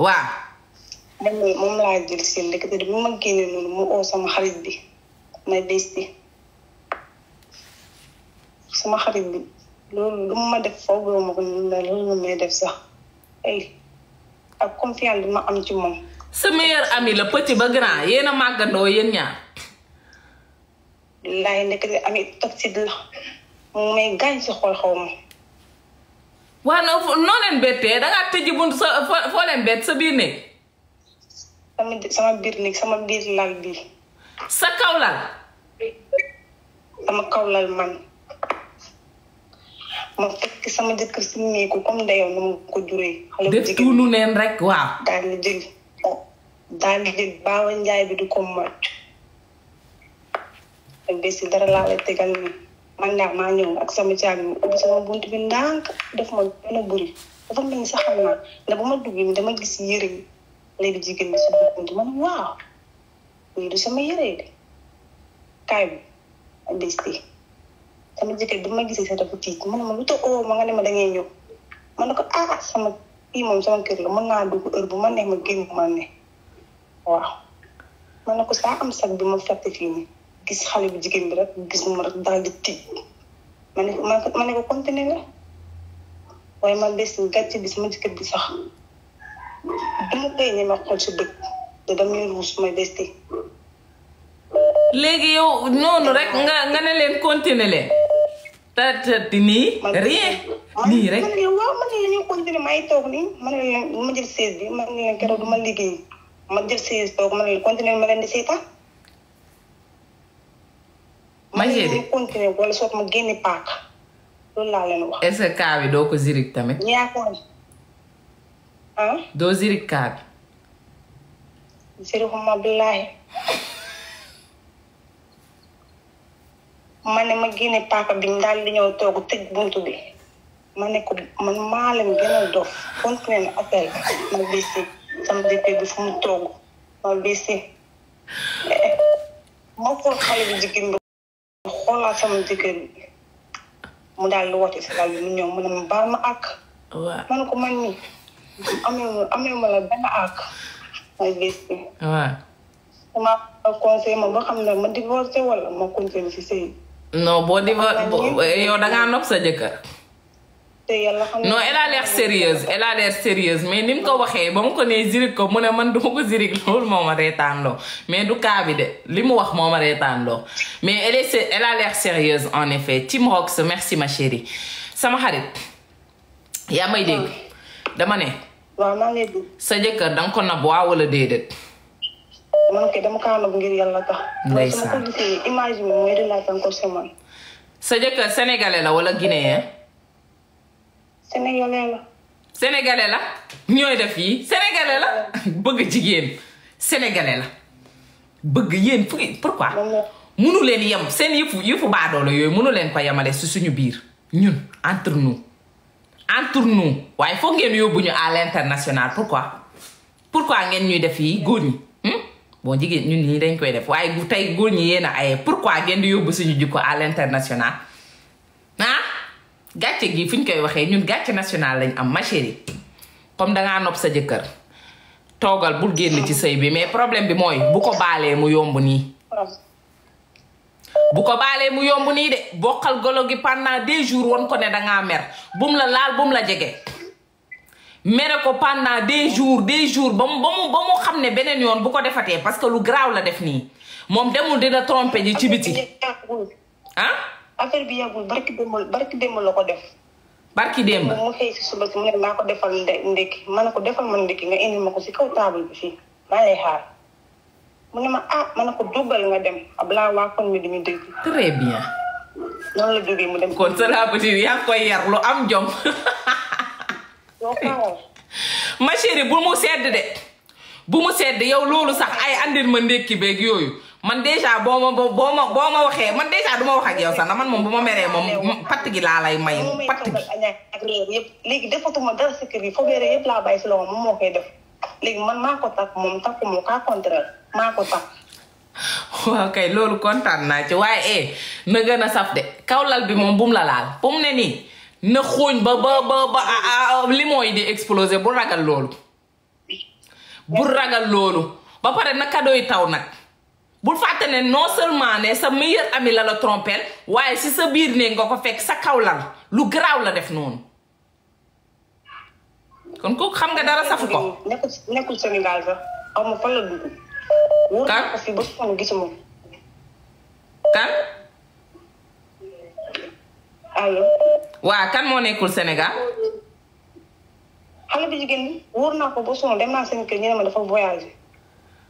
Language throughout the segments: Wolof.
waaw. man moom laa jël si ndekete bi ma génne noonu mu oo sama xarit bi may besti sama xarit bi loolu lu ma def foogoo ma ko loolu la may def sax ay ak confiance bi ma am ci moom. sa meilleur ami la petit ba grand yéen a màggandoo yéen ñaar. laay ndekete ami toxide la mu may gaañ si xol xaw ma. waa oh, non embete, leen da nga tëj bunt sa fo leen bett sa sama biir sama bir lal bi. sa kaw lal. sama kaw lal man. ma fekk sama ci ni ko comme ndeyam nu ko juree. xale bu jigéen de tuunu rek wa dal ni jël dal ni jël baawa njaay bi du ko màcc. ak bés dara la lay tegal ni man nak ma ñew ak sama caabi mu sama buntu bi ndànk def ma benn buri dafa mel ni sax xam naa ne bu ma dama gis yëre yi léegi jigéen bi si man waaw lii du sama yëre de kay bi besti sama jëkkër bu ma gisee sa dafa tiit man ma lu tax oo oh, ma nga ne ma da ngay ñew man ko ah sama kii mom sama kër la man na dugg heure bu ma ne ma génn ma ne waaw man ko sa am sax bu ma fatte fi ni gis xale bu jigéen bi rek gis mu rek dal di tij ma ne ma ne ko continuer la waaye man bés gàcce bi sama jëkkër bi sax dama koy ñeme xool si da dama damay ruus may bés léegi yow noonu rek nga nga ne leen continuer leen tatati nii rien nii rek man leen waaw man leen ñu continuer may toog nii man leen ma jël chaise bi man leen keroog ma liggéey ma jël chaise toog man leen continuer ma leen di seetaan ma seede ma continuer wala soog ma génne paak loolu laa leen wax. est-ce doo ko zirik tamit. ñaakoon ah. doo zirik kaa bi. zirikuma billaahi ma ne ma génne paaka bi daal di ñëw toog tëj buntu bi ma ne man maa leen gën a continuer na appel ma bési sama dëppee bi fu mu ma bési eh, ma xool xale bi jigéen bi. xool laa sama jëkkër mu daal di woote si daal mu ñëw mu ne ma baal àkk. waaw man ko man nii amee ma amee ma la benn àkk mooy gis bi. waaw. ma conseil ma ba xam ne ma divorcé wala ma continué si sëy. non boo divorcé yow da nopp sa jëkkër. non elle sérieuse elle sérieuse mais ni mu ko waxee ba mu ko nee zirig ko mu ne man duma ko zirig loolu moo ma reetaan loo mais du cas bi de li mu wax moo ma reetaan loo mais elle est elle a l'air sérieuse ma chérie sama xarit yaa may dégg sa jëkkër danga la wala guinéen sénégalais la. ñooy def yi sénégalais la bëgg jigéen sénégalais la bëgg yéen fu pourquoi. munu leen yem seen yëfu yëfu baadoolo yooyu munu leen ko yemale si suñu biir ñun entre nous entre nous waaye foog ngeen yóbbu ñu à l'international pourquoi pourquoi ngeen ñuy def yi góor ñi. Hmm? bon jigéen ñun ñi dañ koy def waaye tey góor ñi yéen a aye pourquoi ngeen di yóbbu suñu jikko à l'international ah? gàcce gi fi ñu koy waxee ñun gàcce national lañu am ma chérie comme dangaa nopp sa jëkkër toogal bul génn ci sëy bi mais problème bi mooy bu ko baalee mu yomb nii bu ko baalee mu yomb nii de boqal golo gi pendant deux jours won ko ne dangaa mer bum la laal bum la jege mere ko pendant deux jours deux jours ba mu ba mu xam ne beneen yoon bu ko defatee parce que lu garaaw la def nii moom demul dina tromper ji ci biti ah affaire bi yàggul barki démb barki démb la ko def. barki démb mu xëy si suba si mu ne maa ko defal ndekki ma ne ko defal ma ndekki nga indi ma ko si kaw table bi fii maa lay xaar mu ne ma ah ma ne ko dugal nga dem abla waa kon mi duñu dégg. très bien. noonu la jógee mu dem. kon cela veut dire yaa koy yar lu am jom. ma chérie bu mu sedd de bu mu sedd yow loolu sax ay andir ma ndekki beeg yooyu. man dèjà boo ma boo ma boo ma waxee man dèjà du ma wax ak yow sax na man moom bu ma meree moom patt gi laa lay may patt gi ak léegi defatuma dara si kër moom moo koy def man maa ko takk moom takku moo kaa contraire maa ko takk loolu kontaan naa ci waaye eh na gën a saf de kawlal bi moom bum la laal bum ne nii na xooñ ba ba ba ba limon yi di explosé bu ragal loolu bu ragal loolu ba pare na cadeau yi taw nag bul fàtte ne non seulement ne sa meilleur ami la la trompeel waaye si sa biir ne nga ko fekk sa kaw lal lu garaaw la def noonu kon kooku xam nga dara safu ko. nekkul nekkul Sénégal sax aw ma fan la dugg. ko fi ba xam gisuma. kan. waa kan moo nekkul Sénégal. xale bi jigéen bi wóor naa ko ba sonn dem naa seen kër ñu ne ma dafa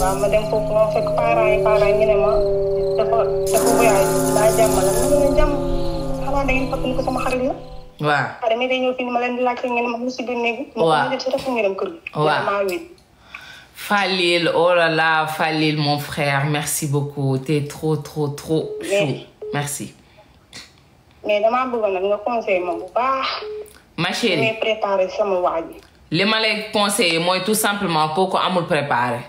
waaw ma dem foofu ma fekk parents yi parents ñu ne ma dafa dafa voyage daa jàmm la ma ne jàmm xanaa da ngeen fàttali ko sama xarit la. waaw xarit mi day ñëw fii ma leen di laajte ngeen ma si biir néeg bi. waaw ma jël si dem kër gi. waaw Falil, oh là là, Falil, mon frère, merci beaucoup. T'es trop, trop, trop chou. Merci. Mais dama bëgg nag nga conseil ma bu baax. ma chérie li may préparé sama waaj. li ma lay conseillé tout simplement kooku amul préparer?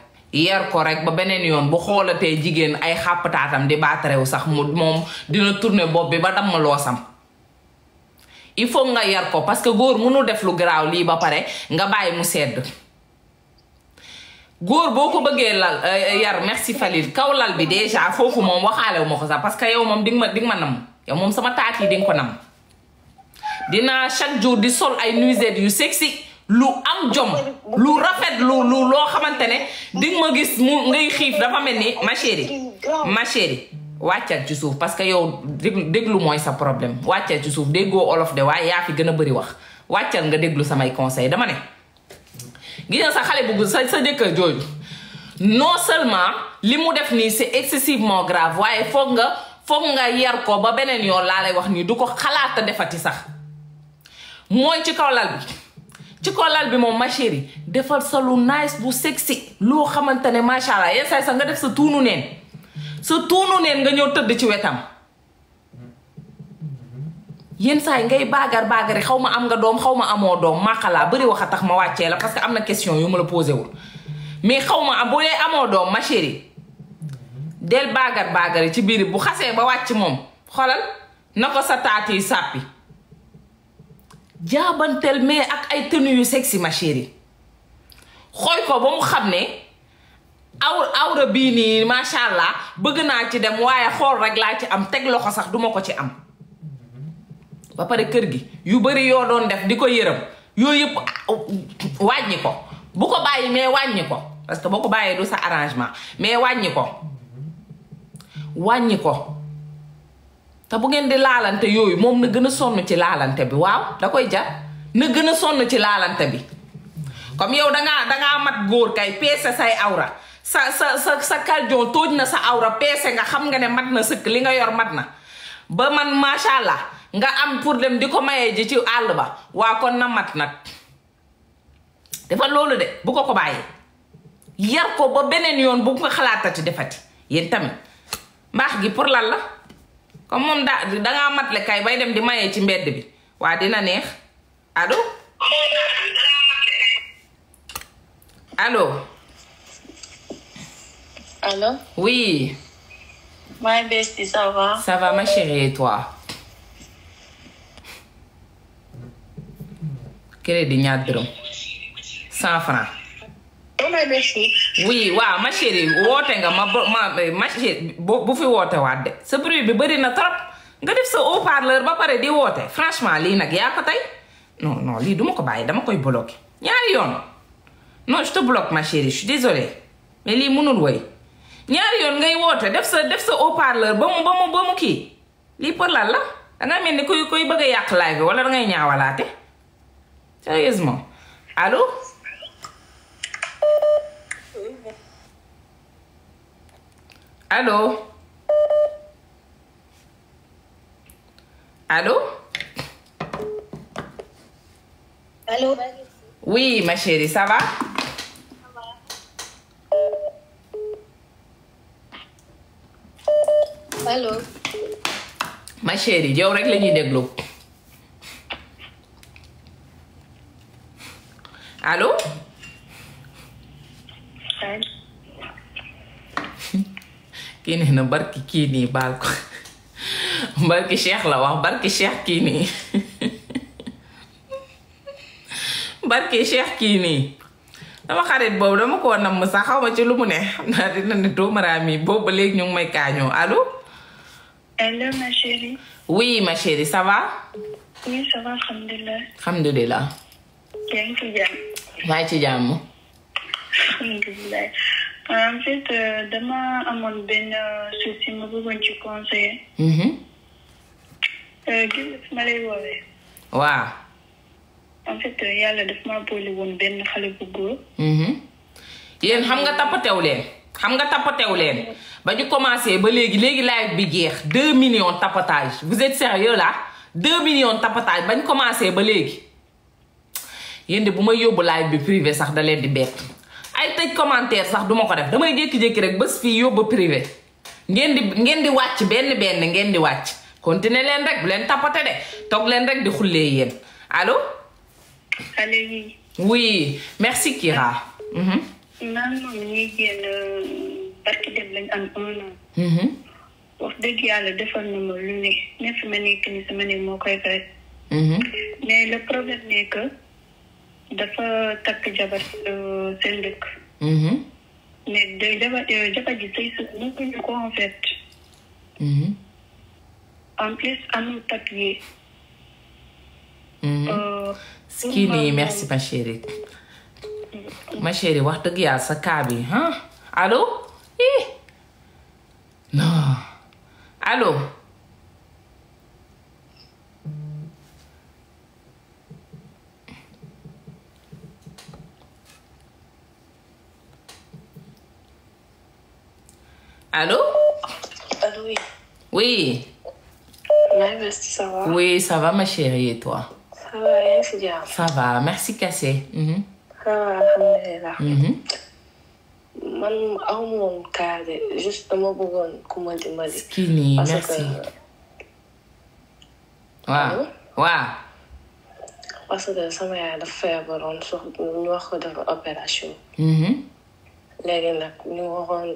yar ko rek ba beneen yoon bu xoolatee jigéen ay xàppataatam di baatarew sax mu moom dina tourner bopp bi ba dam ma loosam il faut nga yar ko parce que góor mënu def lu garaaw lii ba pare nga bàyyi mu sedd góor boo ko bëggee lal euh, yar merci Falil kaw lal bi déjà foofu moom waxaale wu ma ko sax parce que yow moom di ma di nga ma nam yow moom sama taat yi di nga ko nam dinaa chaque jour di sol ay nuisette yu sexy lu am jom lu rafet lu lu lo xamantene ding ma gis mu ngay xif dafa melni ma chérie ma chérie wàccal ci souf parce que yow deglu moy sa problème wàccal ci souf déggoo olof de way ya fi gëna bëri wax wàccal nga déglu samay conseil dama ne gis sa xalé bu sa sa jëkkër jooju non seulement li mu def ni c'est excessivement grave waaye foog nga foog nga yar ko ba benen yo la lay wax ni du ko xalaata defati sax moy ci kawlal bi ci ko lal bi moom ma chérie defal sa lu nice bu sexy loo xamante ne macha allah yenn saa sax nga def sa tuunu neen sa tuunu neen nga ñëw tëdd ci wetam yenn saa yi ngay baagar baagari xaw ma am nga doom xaw ma amoo doom màqalaa bëri wax a tax ma wàccee la parce que am na question yu ma posé wul mais xaw ma am amoo doom ma chérie del baagar baagari ci biir bu xasee ba wàcc moom xolal na ko sa taati yi sàppi jaabanteel mais ak ay tenues yu sexy ma chérie xool ko ba mu xam ne aw awra bii nii macha allah bëgg naa ci dem waaye xool rek laa ci am teg loxo sax duma ko ci am ba pare kër gi yu bari yoo doon def di ko yërëm yooyu yëpp ah, wàññi ko bu ko bàyyi mais wàññi ko parce que boo ko bàyyee du sa arrangement mais wàññi ko wàññi ko ta bu ngeen di laalante yooyu moom na gën a sonn ci laalante bi waaw da koy jar na gën a sonn ci laalante bi comme yow da dangaa mat góor kay peese say awra sa sa sa sa kaljon tooj na sa awra peese nga xam nga ne mat na sëkk li nga yor mat na ba man macha allah nga am pour dem di ko mayee ji ci àll ba waa kon na mat nag defal loolu de bu ko ko bàyyi yar ko ba beneen yoon bu ko xalaatati defati yéen tamit mbaax gi pour lan la comme moom daa dangaa matle kay bay dem di mayee ci mbedd bi waa dina neex allo allo allo oui my bestie ma chérie toi crédit ñaar dërëm cent francs oui waaw ma chérie woote nga ma ma eh, ma chérie bu fi woote waat de sa bruit bi bëri na trop nga def sa haut-parleur ba pare di woote franchement lii nag yaa ko tey non non lii duma ko bàyyi dama koy bloqué ñaari yoon non je te bloque ma chérie je suis mais lii mënul woy ñaari yoon ngay woote def sa def sa haut-parleur ba mu ba mu ba mu kii lii pour lan la danga mel ni kuy koy bëgg a yàq live bi wala dangay ñaawalaate sérieusement allo allo allo. allo. oui ma chérie ça va. allo. ma chérie yow rek la déglu. allo. kii nee na barki kii nii baal ko barki cheikh la wax barki cheikh kii nii barki cheikh kii nii dama xarit boobu dama koo namm sax xaw ma ci lu mu ne xam naa dina ne doomaraam yi boobu ba léegi may kaañoo allo. allo ma ma chérie ça va. oui alhamdulilah. alhamdulilah. en fait euh, dama euh, ma ci conseiller. Mhm. Euh, gis nga en fait yàlla daf maa boole woon benn xale bu góor. Mhm. yéen xam nga tappatew leen. xam nga tappatew leen. ba ñu commencé ba léegi léegi live bi jeex 2 millions tapatage vous êtes sérieux là 2 millions tapatage ba ñu commencé ba léegi. yéen bu may yóbbu live bi privé sax da leen di bett. ay teg commentaire sax duma ko def damay jékki-jékki rek bés fii yóbbu privé ngeen di ngeen di wàcc benn benn ngeen di wàcc continuer leen rek bu leen tapoter de toog leen rek di xullee yéen alo allo. oui merci Kira. man moom ñuy génn euh, barki dem lañ am un an. Mhm. wax dëgg yàlla defal na ma lu moo koy fay. Mhm. mais le problème n'est que. dafa takk jabar euh, seen dëkk. Mm-hmm. mais day jabar jabar ji sëy su mënuñu ko en fait. Mm-hmm. en plus amul papier. Mm-hmm. Euh, kii nii merci ma chérie. ma chérie wax dëgg yàlla sa kaa bi ah allo. non allo. Allô? Allô, euh, oui. Oui. ça va. Oui, ça va, ma chérie, et toi? Ça va, c'est bien. Ça va, merci, Cassé. Mm Ça va, alhamdulillah. Mm -hmm. man là. Je suis juste pour Je suis merci Je suis parce que ça là. Je suis là. Je suis là. Je opération. là, Je suis là.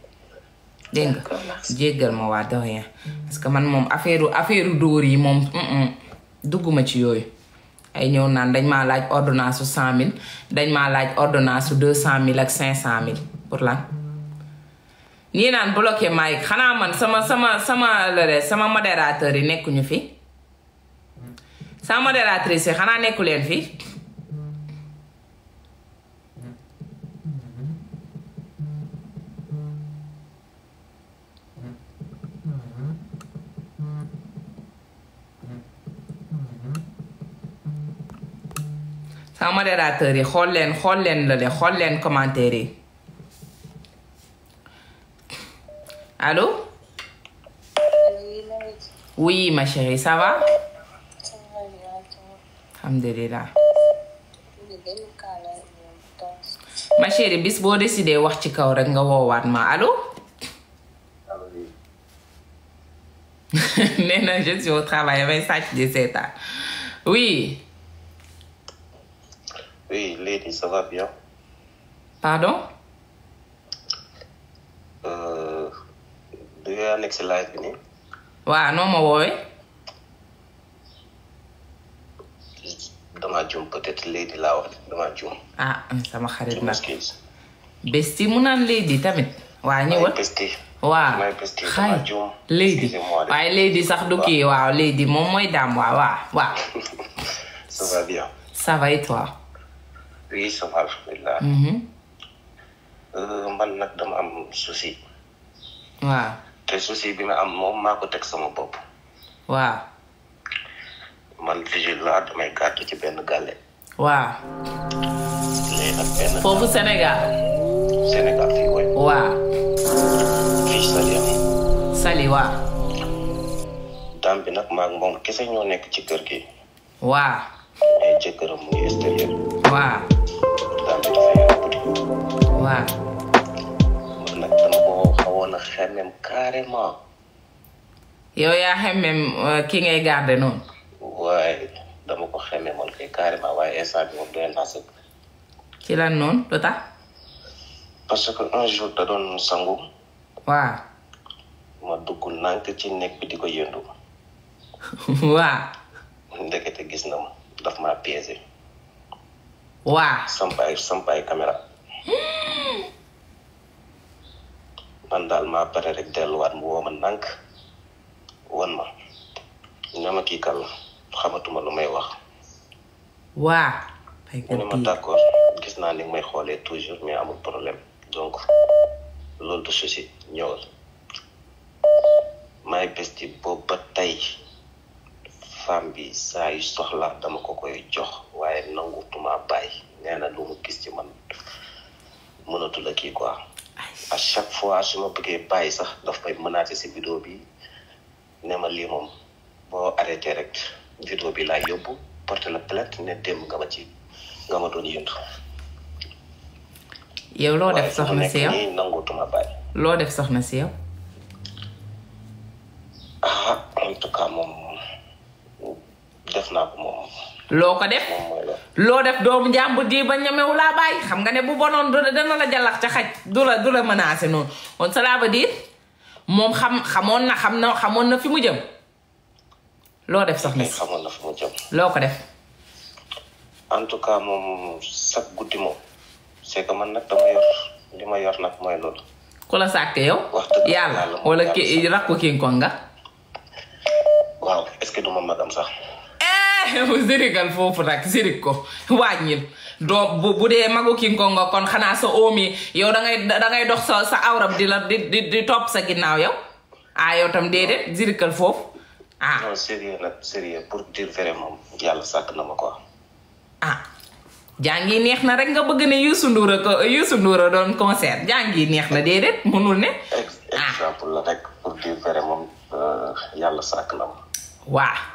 deng nga jéggal ma waa ya. doyen parce que man mom affaireu affaireu dóor yi moom duguma ci yoy ay ñew naan dañ ma laaj ordonnance 100000 dañ ma laaj ordonnance 200000 ak 500000 pour lan ni naan bloqué maay xana man sama sama sama lore sama modérateur yi nekkuñu fi sama modératrice xana xanaa nekku leen fi modérateur yi xool leen xool leen lale xool leen commentaire yi allo oui ma chérie ça va alhamdulilah ma bis boo décidé wax ci kaw rek nga woowaat ma allo nee na au travail may sàcc di seetaan oui Oui, Lady, ça euh, ma woowee. damaa juum peut-être ah, sama xarit nag besti mu naan Lady tamit. waa ñëwal waaw xay Lady waaye Lady sax du kii waaw Lady moom mooy daam waaw waaw waaw. ça va bien. oui ça va alhamdulilah. Mm-hmm. Euh, man nag dama am souci. waaw. te souci bi ma am moom maa teg sama bopp. waaw. man vigile laa damay gàtt ci benn gàlle. waaw. léegi nag foofu Sénégal. Sénégal fii woy. waaw. nag maa moom kese ñoo nekk ci kër gi. waaw. mais jëkkëram muy extérieur. waaw. présenté ci sa nag dama ko a xemmem carrément. yow yaa xemmem euh, ki ngay garder noonu. waaye dama ko xemmem man carrément waaye instant bi moom doy naa sëkk. noonu lu parce que un jour da doon sangu. waaw. ma dugg nànk ci nekk bi di ko yëndu. waaw. ndekete gis na ma daf maa piégé. Wah. Sampai sampai kamera. Pandal ma pare rek delluwaat mu woo ma nànk won ma ne ma kii kan la xamatuma lu may wax waa mu ma d' gis naa ni may xoolee toujours mais amul problème donc loolu du souci ñëwal maay bés femme bi saa yu soxla dama ko koy jox waaye nangutuma bàyyi nee na lu mu gis ci man mënatul a kii quoi à chaque fois su ma bëggee bàyyi sax daf may menacé si vidéo bi ne ma lii moom boo arrêté rek vidéo bi laay yóbbu porte la plainte ne démb nga ma ci nga ma doon yëndu yow loo def soxna si yow nangutuma si ah moom def naa loo ko def loo def doomu njàmbur ji ba ñemewu laa bàyyi xam nga ne bu bonoon dana la jalax ca xaj du la du la menacé noonu kon cela veut dire moom xam xamoon na na xamoon na fi mu jëm loo def sax si xamoon na loo ko def en man nag yor li ma yor nag mooy loolu ku la sàkk yow yàlla wala ki rakku kii ko nga sax sirikal foofu nak sirik ko wàññil doo bu bu magu king ko nga kon xanaa sa omi yow da ngay da ngay dox sa sa awrab di la di di, di topp sa ginnaaw yow ah yow tam déedéet sirikal foofu ah. non sérieux nag sérieux pour dire vrai moom yàlla sàkk na ma quoi. ah Jangi neex na rek nga bëgg ne Youssou Ndour ko Youssou Ndour don concert jangi neex na dede munul ne. ah exemple la rek pour dire vrai moom euh, yàlla na ma. waaw.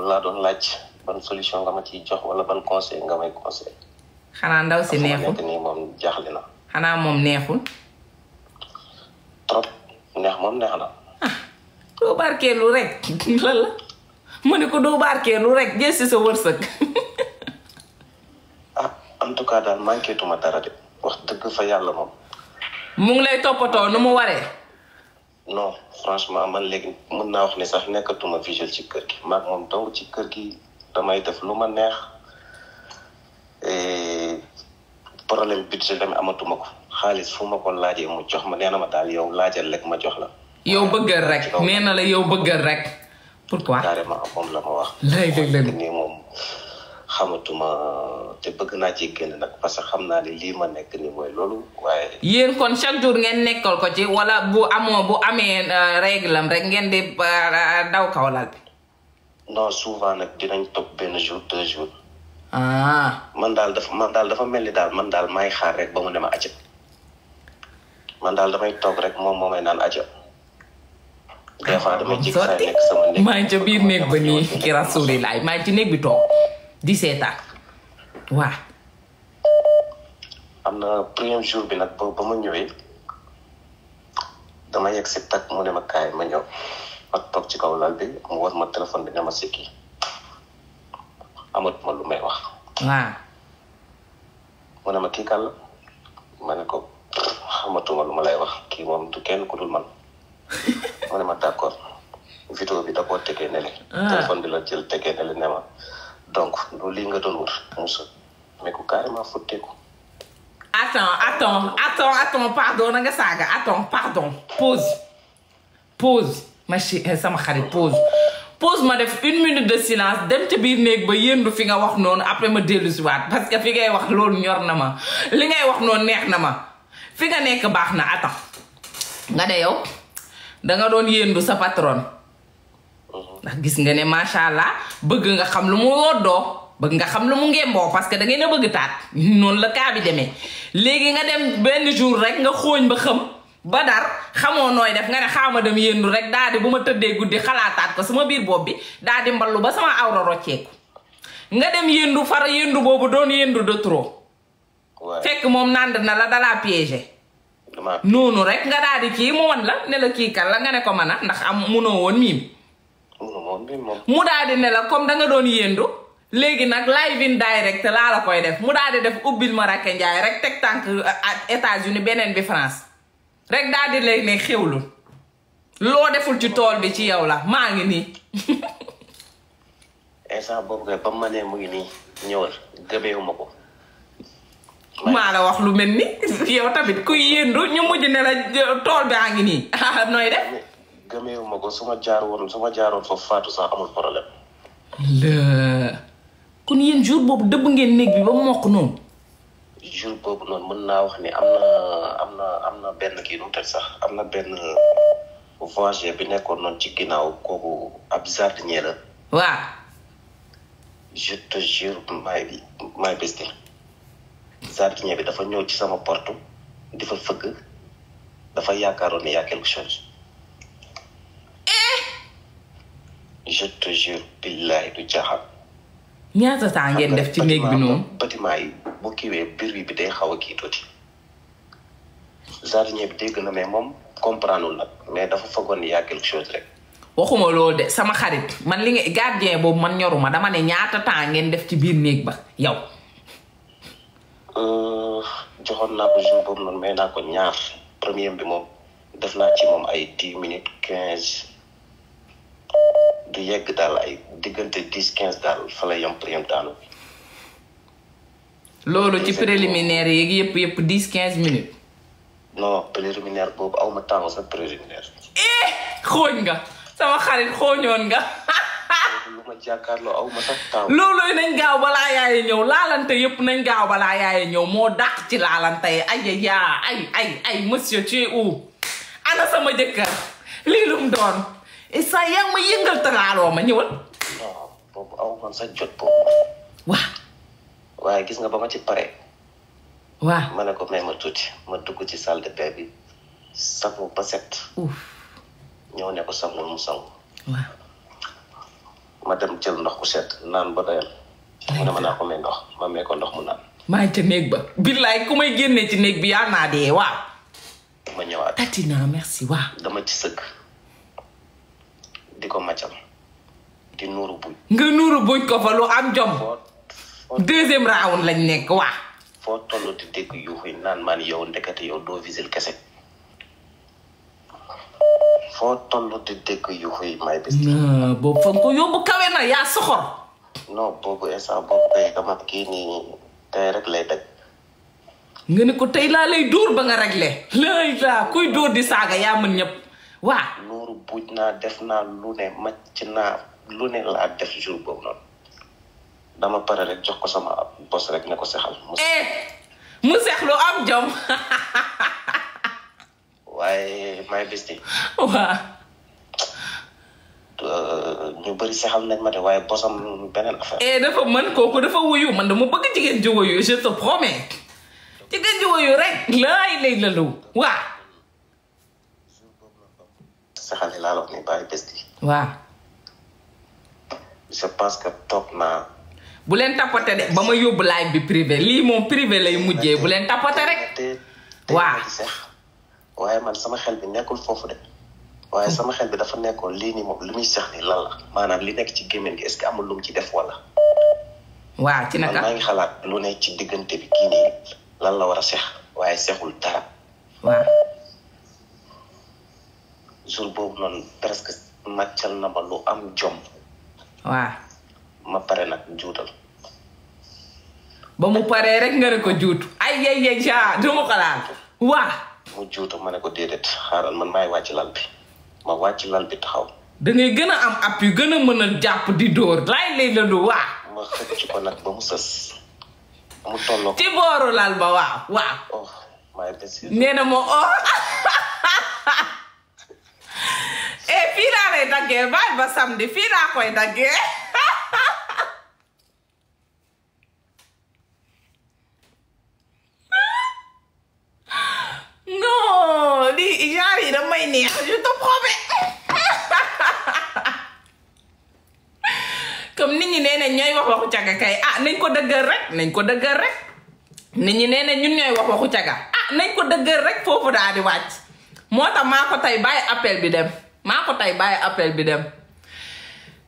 loolu laa doon laaj ban solution nga ma ciy jox wala ban conseil nga may conseil xanaa ndaw si neexul nekk nii moom jaaxle na. xanaa moom neexul. trop neex moom neex na. Ah, doo barkeelu rek lan la mu ne ko doo barkeelu rek jël si sa wërsëg. ah en tout cas daal manqué dara de wax dëgg fa yàlla moom. mu ngi lay toppatoo nu mu waree. non franchement man léegi mën naa wax ne sax nekkatuma visuel ci kër gi maag moom taw ci kër ki damay def lu ma neex problème budget tamit amatuma ko xaalis fu ma ko laajee mu jox ma nee na ma daal yow laajal rek ma jox la. yow bëggal rek nee na la yow bëggal rek pourquoi. carrément moom la ma wax. lay dëgg dëgg moom. xamatuma te bëgg na ci génn nak parce que xam naa ne ma nekk ni mooy loolu waaye. yéen kon chaque jour ngeen nekkal ko ci wala bu amoo bu amee eh, règle am rek ngeen eh, eh, di daw kawlal bi. non souvent nak dinañ toog benn jour deux jours. ah. man daal dafa man daal dafa mel ni daal man daal maay xaar rek ba mu ma man daal damay toog rek moom moo may naan acca. des fois damay jékki saa nekk sama néeg. maa ngi ca biir ba ci bi Eh. di seetaan wah, amna na premier jour bi nag ba ma ñëwee dama yegg si tak mu ne ma kaay ma ñëw ma toog ci kaw lal bi mu war ma téléphone bi ne ma sikki amatuma lu may wax waa mu ne ma kii kan ma ne ko xamatuma lu ma lay wax kii moom du kenn ku dul man mu ne ma d' vidéo bi da koo ne le téléphone bi la jël tegee ne le ne ma donc du lii nga doon wër musa mais ko carrément futteeku. attends attends attends attends pardon na nga saaga attends pardon pause pause ma ci eh, sama xarit pause pause ma def une minute de silence dem ca biir néeg ba yéendu fi nga wax noonu après ma dellu si waat parce que fi ngay wax loolu ñor na ma li ngay wax noonu neex na ma fi nga nekk baax na attends nga ne yow danga doon yéendu sa patron. Mhm. ndax gis nga ne macha allah bëgg nga xam lu mu woddoo bëgg nga xam lu mu ngemboo parce que da ngeen a bëgg taat noonu la kaa bi demee léegi nga dem benn jour rek nga xooñ ba xam ba dar xamoo nooy def nga ne xaama dem yéendu rek daa di bu ma tëddee guddi xalaataat ko sama biir bopp bi daa di mballu ba sama awra nga dem yéendu far yéendu boobu doon yéendu de moom nànd na la dalaa piégé rek nga daa di kii mu wan la ne la kii kan la nga ne ko mën a ndax am munoo woon miim mu daal di ne la comme danga doon yéendu léegi nag live in direct laa la koy def mu daal di def ubbil ma Racky njaay rek teg tànk euh, États-Unis beneen bi France rek daal di lay ne xewlu loo deful ci tool bi ci yow la maa ngi nii. boobu kay ba mu ngi nii ñëwal ko. maa la wax lu mel ni yow tamit kuy yëndu ñu mujj ne la tool baa ngi nii nooy def. gëmeewu ma ko su ma jaar woon su ma jaaroon foofu faatu sax amul problème. la kon yéen jour boobu dëbb ngeen néeg bi ba mokk noonu. jour boobu noonu mën naa wax ni am na am na am na benn kii nu teg sax am na benn voyageur bi nekkoon noonu ci ginnaaw kooku ab jardinier la. waaw. je te jure jardinier bi dafa ñëw ci sama porte fëgg dafa yaakaaroon ni yaa quelque chose. je te jure billaay du caaxaan. ñaata temps ngeen def ci néeg bi noonu bâtiment yi bu kiiwee biir bi day xaw a kii tuuti. jardinier bi dégg na mais moom comprendre nag mais dafa fagoon ni y a quelque chose rek. waxuma loolu de sama xarit man li nga boobu man ñoruma dama ne ñaata temps ngeen def ci biir néeg ba yow. Euh, joxoon naa ko jour boobu noonu may naa ko ñaar premier bi moom def naa ci moom ay dix minutes quinze. di yegg dal ay diggante 10 15 dal fa lay yom yom dalu lolu ci préliminaire yi yep yep 10 15 minutes non préliminaire bobu aw ma tang sa préliminaire eh xogn nga sama xarit xognon nga luma jakarlo aw ma sax tang lolu nañ gaaw bala yaay e ñew lalante yep nañ gaaw bala yaay e ñew mo dak ci lalante ay ay ya. ay ay ay monsieur tu es où ana sama jëkkër li lum doon instant yaa ngi ma yëngal tëgaaloo ma ñëwal. boobu aw man jot boobu. waaw. waaye gis nga ba ma ci pare. waaw ma ne ko may ma tuuti ma dugg ci salle de bain bi sangu ba set. ñëw ne ko sangul mu sangu. waaw. ma dem jël ndox ku set naan ba doyal. naa ko may ndox ma ndox mu naan. maa ngi néeg ba. billaay ku may génnee ci néeg bi yaa naa dee waaw. merci waaw. dama ci sëgg. di ko maccal di nuuru buñ. nga nuuru buñ ko fa lu am jom. deuxième round lañ nekk waa. foo toll di dégg yuuxu yi naan yow ndekete yow doo visil kese. foo toll di dégg yuuxu may bis. boobu fa nga ko yóbbu kawe na yaa soxor. non boobu instant boobu kay dama kii nii tey rek lay daj. nga ne ko tey laa lay dóor ba nga réglé. lay laa kuy dóor di saaga yaa mën ñëpp waa. buuj naa def naa lu ne màcc naa lu ne laa def jour boobu noonu dama pare rek jox ko sama bos rek ne ko sexal mu sex eh, lu am jom waaye may besti waaw euh, ñu bëri sexal nañ ma de waaye bosam beneen affaire eh dafa mën kooku dafa wuyu man dama bëgg jigéen ji wuyu je jigéen ji rek laay lay lalu waa saxale laa la wax ni bàyyi bés di. waaw. je pense que toog naa. bu leen tapoter de ba ma yóbbu live bi privé lii moom privé lay mujjee bu leen tapoter rek. waaw waaye man sama xel bi nekkul foofu de. waaye oh. sama xel bi dafa nekkoon lii nii moom lu muy sax nii lan la maanaam li nekk ci gémmiñ gi est-ce que amul lu mu ci def wala. waaw ci naka maa ngi xalaat lu ne ci diggante bi kii nii lan la war a sex waaye sexul dara. waaw. jour boobu noonu presque màccal na ba lu am jom. waaw. ma pare nag juutal. ba mu paree rek nga ne ko juut. ay yey yey ja du ma ko laal. waa. mu juutu ma ne ko déedéet xaaral man maay wàcc lal bi ma wàcc lal bi taxaw. da ngay gën a am appui yu gën a mën a jàpp di dóor. lay lay la lu waa. ma xëcc ko nag ba mu sës. mu tolloo ci booru lal ba waaw waaw. oh maa ngi nee na ma oh. laa lay daggee bàyyi ba samedi yi damay neex je te promets comme nit ñi nee ñooy wax waxu caga kay ah nañ ko dëggal rek nañ ko dëggal rek nit ñi nee ñun ñooy wax waxu caga ah nañ ko dëggër rek foofu daal di wàcc moo tax maa ko tey bàyyi appel bi dem mako tay baye appel bi dem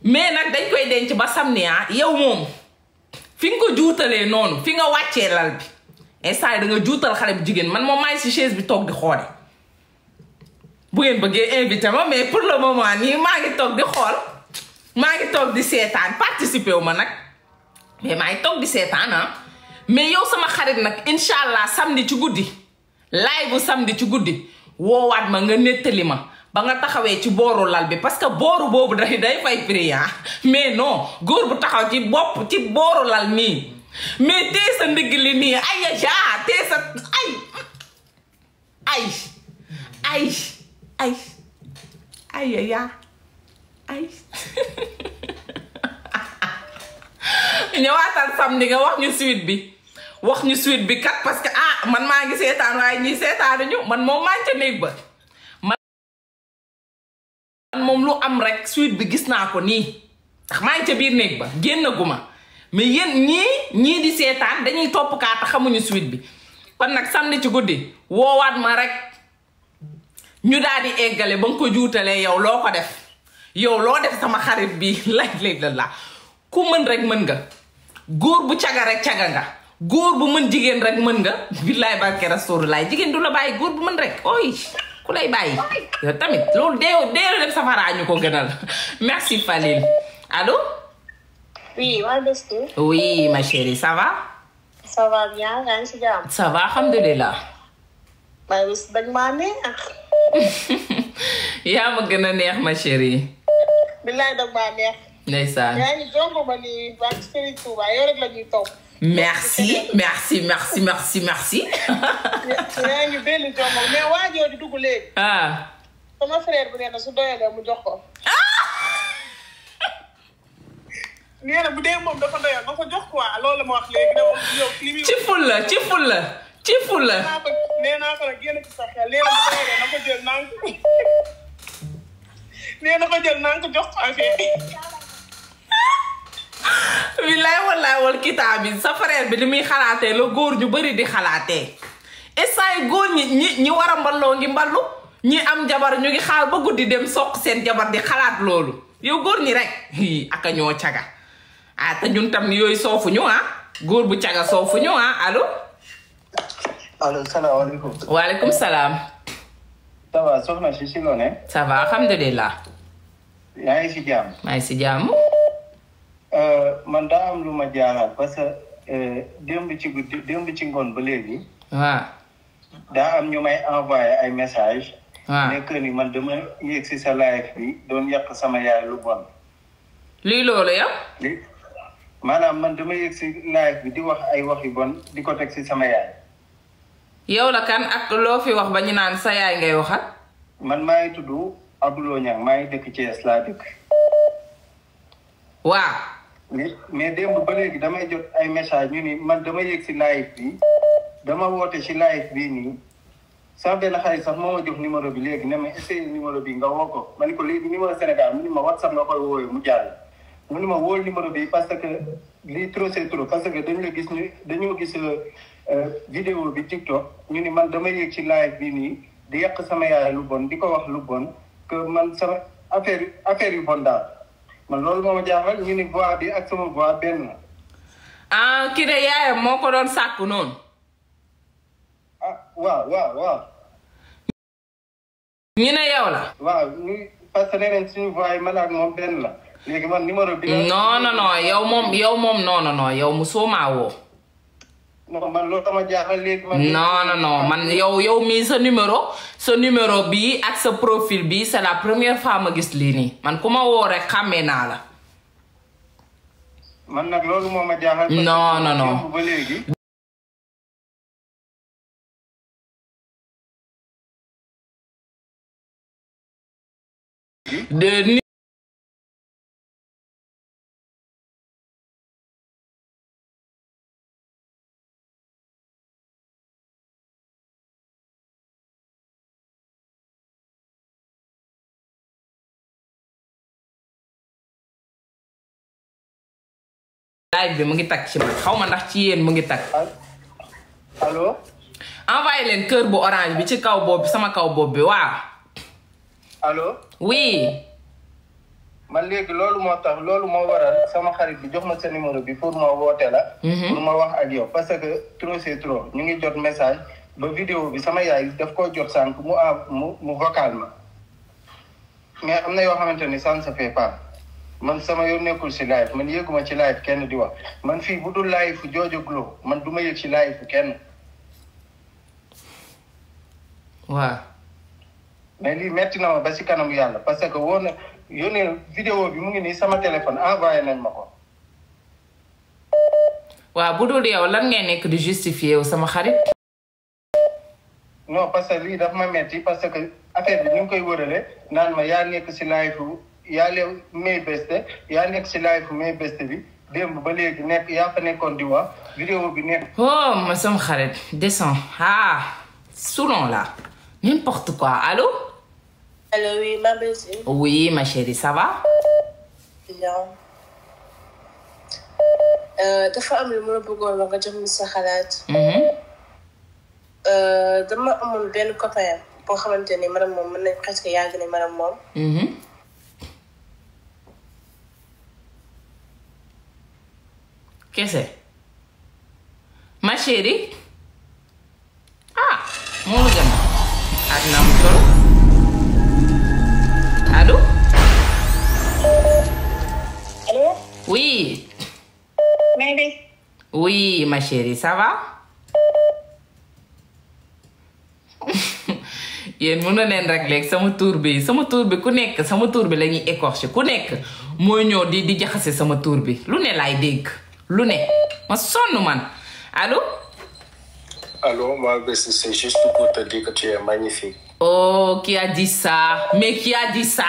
mais nak dañ koy denc ba samedi juta ah, yow mom fi nga joutalé nonou fi nga waccé lal bi instant da nga joutal xalé bu jigen man mo may ci chaise bi tok di xolé bu ngeen bëggé invité ma mais pour le moment ni ma ngi tok di xol ma ngi tok di sétane participer wu ma nak mais ma ngi tok di sétane ah mais yow sama xarit nak inshallah allah samedi ci goudi live bu samedi ci wo wat ma nga netali ma ba nga taxawé ci boru lal bi parce que boru bobu day day fay prix mais non gor bu taxaw ci bop ci boru lal ni mais té sa ndig li ni ay ja té sa ay ay ay ay ay ya ay ñëwaatal samedi nga wax ñu suite bi wax ñu suite bi kat parce que ah man ma ngi sétane way ñi sétane ñu man mo manca ca ba mom lu am rek suite bi gis naa ko nii ndax maa ngi ca biir ni ba gennaguma mais yeen ñi ñi di seetaan dañuy top ka tax xamuñu suite bi kon nak samedi ci wo woowaat ma rek ñu di eggale ba nga ko juutalee yow loko def yow lo def sama xarit bi laaj lay la la ku mën rek mën nga goor bu ciaga rek ciaga nga goor bu mën jigen rek mën nga billahi barke rasulullah jigen dula du la bu mën rek oy kulay bayi yo tamit lo deew deew dem safara ñu ko gënal merci Falil allô. oui wa Bestie. oui ma chérie ça va. ça va bien yaa ngi si ça va alhamdulilah. maa wis si bañ maa neex. yaa ma gëna neex ma chérie. billahi dog ma neex. ndaysan yaa ngi jong ma ni waa Serigne Touba yo rek la ñuy top merci merci merci merci merci. ah. billaay wallaay wal kitaab bi sa bi li muy xalaatee la góor ñu bari di xalaatee instant yi góor ñi ñi war a mballoo ngi mballu ñi am jabar ñu ngi xaar ba guddi dem soq seen jabar di xalaat loolu yow góor ñi rek aka ñoo caga ah te ñun yooyu soofu ñu ah. bu caga soofu ñu ah allo. allo salaamaaleykum. waaleykum salaam. ça va soxna si si loo ne. ça va si jàmm. maa si jàmm. Eh, man eh, daa am lu ma jaaxal parce que démb ci guddi ci ba am ñu may envoyé ay message waaw nekk ni man dama yéeg si sa bi doon sama yaay lu bon. lii loolu yow. li man dama bi di wax ay wax yu bon di ko teg sama yaay. yow la kan ak lo fi wax ba ñu naan sa yaay ngay waxal. man maa ngi Abdou mais démb ba léegi damay jot ay message ñu ni man damay yëg si live bi dama woote si live bii nii sa benn xarit sax moo ma jox numéro bi léegi ne ma essayé numéro bi nga woo ko ma ni ko léegi numéro Sénégal mu ni ma WhatsApp nga koy wooyu mu jàll mu ni ma wóol numéro bi parce que li trop c'est trop parce que dañu la gis ñu dañoo gis euh, vidéo bi TikTok ñu ni man damay yëg ci live bi nii di yàq sama yaay lu bon di ko wax lu bon que man sama affaire affaire yu bon daal man loolu moo ma jaaxal ñu ni voix bi ak sama voix benn na. ah kii de yaayam moo ko doon sàkku noonu. ah waaw waaw waaw. ñu ne yow la. waaw mu soo maa non non non man yo, yo, mi ce numéro ce numéro bi ak ce profil bi c'est la première femme qui se lini. man comment ma woo camé xàmmee man non non non live bi mu ngi tag ci man xaw ma ndax ci yéen mu ngi tag allo envoyé leen cœur bu orange bi ci kaw bopp sama kaw bob bi waaw allo ah. oui man léegi loolu moo tax loolu moo waral sama xarit bi jox ma sa numéro bi pour ma woote la pour ma wax ak yow parce que trop c'est trop ñu ngi jot message ba vidéo bi sama yaay daf koo jot sànq ah, mu mu vocal ma mais am na yoo xamante se fait pas man sama yoon nekkul si live man yëguma ci live kenn di wax man fii bu dul live Jojo Glow man du ma yëg ci live kenn. waaw. mais lii metti na ma ba si kanamu yàlla parce que woo na yónnee vidéo bi mu ngi nii sama téléphone envoyé nañ ma ko. waa bu dul yow lan ngay nekk di justifié sama xarit. non parce que lii daf ma metti parce que affaire bi ñu ngi koy wërale naan ma yaa nekk si live yaa leen may beste yaa nekk si live may beste bi démb ba léegi nekk yaa fa nekkoon di wax vidéo bi nekk. oh ma sama xarit descend ah soulon là n'importe quoi allô. allô oui ma belle. oui ma chérie ça va. bien. dafa am lu ma la bëggoon wax nga jox ma sa xalaat. dama amoon benn copain boo xamante ni maanaam moom mën nañ presque yàgg ni maanaam moom. Quer dizer, machete. Ah, mulugam. Ak nam tol. Allô? Allô? Oui. Maybe. Oui, ma chérie, ça va? yéen mën na leen rek léegi sama tur bi sama tur bi ku nekk sama tur bi la ñuy écorché ku nekk mooy ñëw di di jaxase sama tur bi lu ne laay dégg Lune, ma sonne, man allô. allô ma bestie, c'est juste pour te dire que tu es magnifique. oh qui a dit ça mais qui a dit ça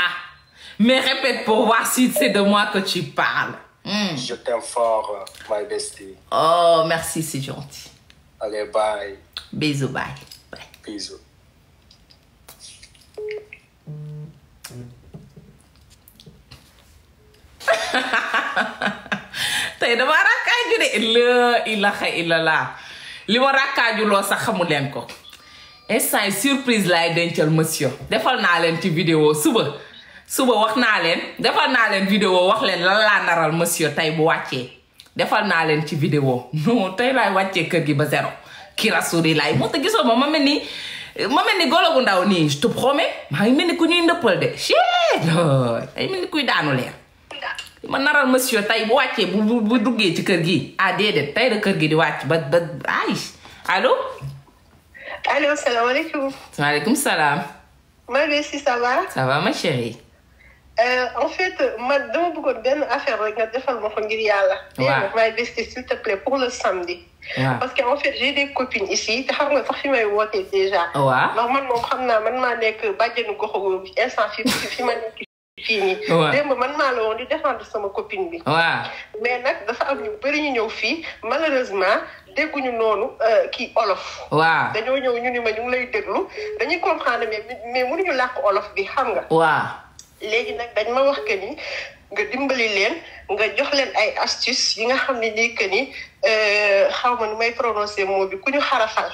mais répète pour voir si c'est de moi que tu parles. Hmm. Je t'aime fort, ma bestie. Oh, merci, c'est gentil. Allez, bye. Bisous, bye. bye. Bisous. tey dama de la ilaha illallah li ma rakkaaju loo sax xamu leen ko instant surprise lay dencal monsieur defal naa leen ci vidéo suba suba wax naa leen defal naa leen video wax leen lan laa naral monsieur tey bu wàccee defal naa leen ci vidéo non tey laay wàccee kër gi ba zéro kirasuri laay moo tax gisoo ma ma mel ni ma mel ni golo gu ndaw nii je te maa ngi mel ni ku ñuy ndëppal de chi ay mel ni kuy daanu leer ma naral monsieur tay bu wàccee bu bu duggee ci kër gi ah déedéet tay de kër gi di ba ba allo. salam salam alaykoum salam si ça va. ça va ma chérie. Euh, en fait dama bëggoon benn affaire rek nga defal ma ngir s'il te plaît pour le samedi. parce que fait j'ai des copines ici je xam nga déjà. waaw man fii nii. démb man maa la woon di défendre sama copine bi. waa mais nag dafa am ñu bëri ñu ñëw fii malheureusement dégguñu noonu euh, kii olof. waaw dañoo ñëw ñu ni ma ñu ngi lay déglu dañuy comprendre mais mais mënuñu làkk olof bi xam nga. waaw léegi nag dañ ma wax que ni. nga dimbali leen nga jox leen ay astuce yi nga xam ne nii que ni euh, xaw ma nu may prononcer moo bi ku ñu xarafal.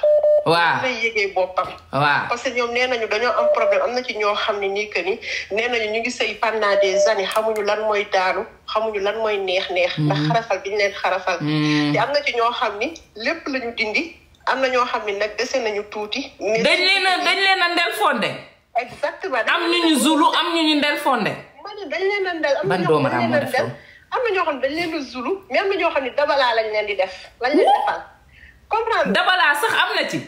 waa lay yëgee boppam. waaw parce que ñoom nee nañu dañoo am problème am na ci ñoo xam ne nii ni nee nañu ñu ngi sëy pendant des années xamuñu lan mooy daanu xamuñu lan mooy neex-neex. Mm-hmm. ndax xarafal bi leen xarafal. Mm-hmm. te am na ci ñoo xam ni lépp lañu dindi am na ñoo xam ne nag dese nañu tuuti. dañ leen a dañ leen a ndel fonde. exactement am ñu ñu zulu am ñu ñu man dañ leen a dal am na ñoo xam ne am na ñoo dañ leen a zulu mais am na ñoo xam ne dabalaa lañ leen di def lañ leen defal comprendre dabalaa sax am na ci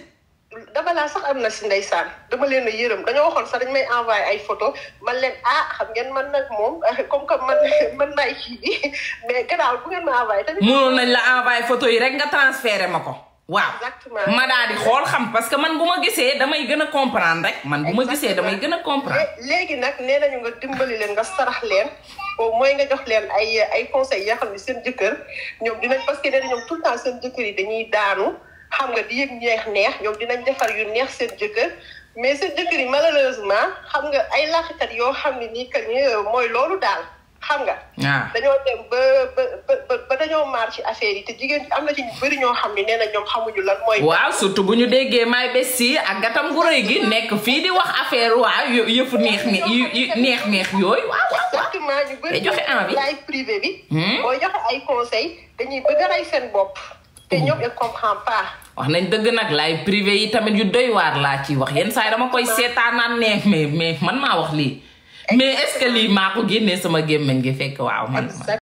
dabalaa sax am na si ndeysaan dama leen a yërëm dañoo waxoon sax dañ may envoyé ay photo man leen ah xam ngeen man nag moom comme que man man maay kii bi mais gannaaw bu ngeen ma envoyé tamit mënoon nañ la envoyé photo yi rek nga transféré ma ko waaw ma daal di xool xam parce que man bu ma gisee damay gën a comprendre rek. man bu ma gisee damay gën a comprendre. léegi nag nee nañu nga dimbali leen nga sarax leen boobu mooy nga jox leen ay ay conseils xam ne seen jëkkër ñoom dinañ parce que nee na ñoom tout temps seen jëkkër yi dañuy daanu xam nga di yëg neex neex ñoom dinañ defar yu neex seen jëkkër. mais seen jëkkër yi malheureusement xam nga ay laaxikat yoo xam ne nii que euh, mooy loolu daal. xam nga. Ah. dañoo dem ba ba affaire yi te jigéen am na ci bëri ñoo xam ne na ñoom xamuñu lan mooy. waaw surtout bu ñu déggee may bés si ak gatam gu rëy gi nekk fii di wax affaire waa yëfu neex neex neex neex yooyu. waaw bëri joxe envie laay privé bi. Hmm? boo joxe ay conseil dañuy bëgg a rey seen bopp. te oh. ñoom ils comprennent pas. wax nañ dëgg nag laay privé yi tamit yu doy waar laa ci wax yenn saa dama koy seetaanaan neex mais mais man maa wax lii. mais est-ce que lii maa ko génnee sama gémmañ gi fekk waaw man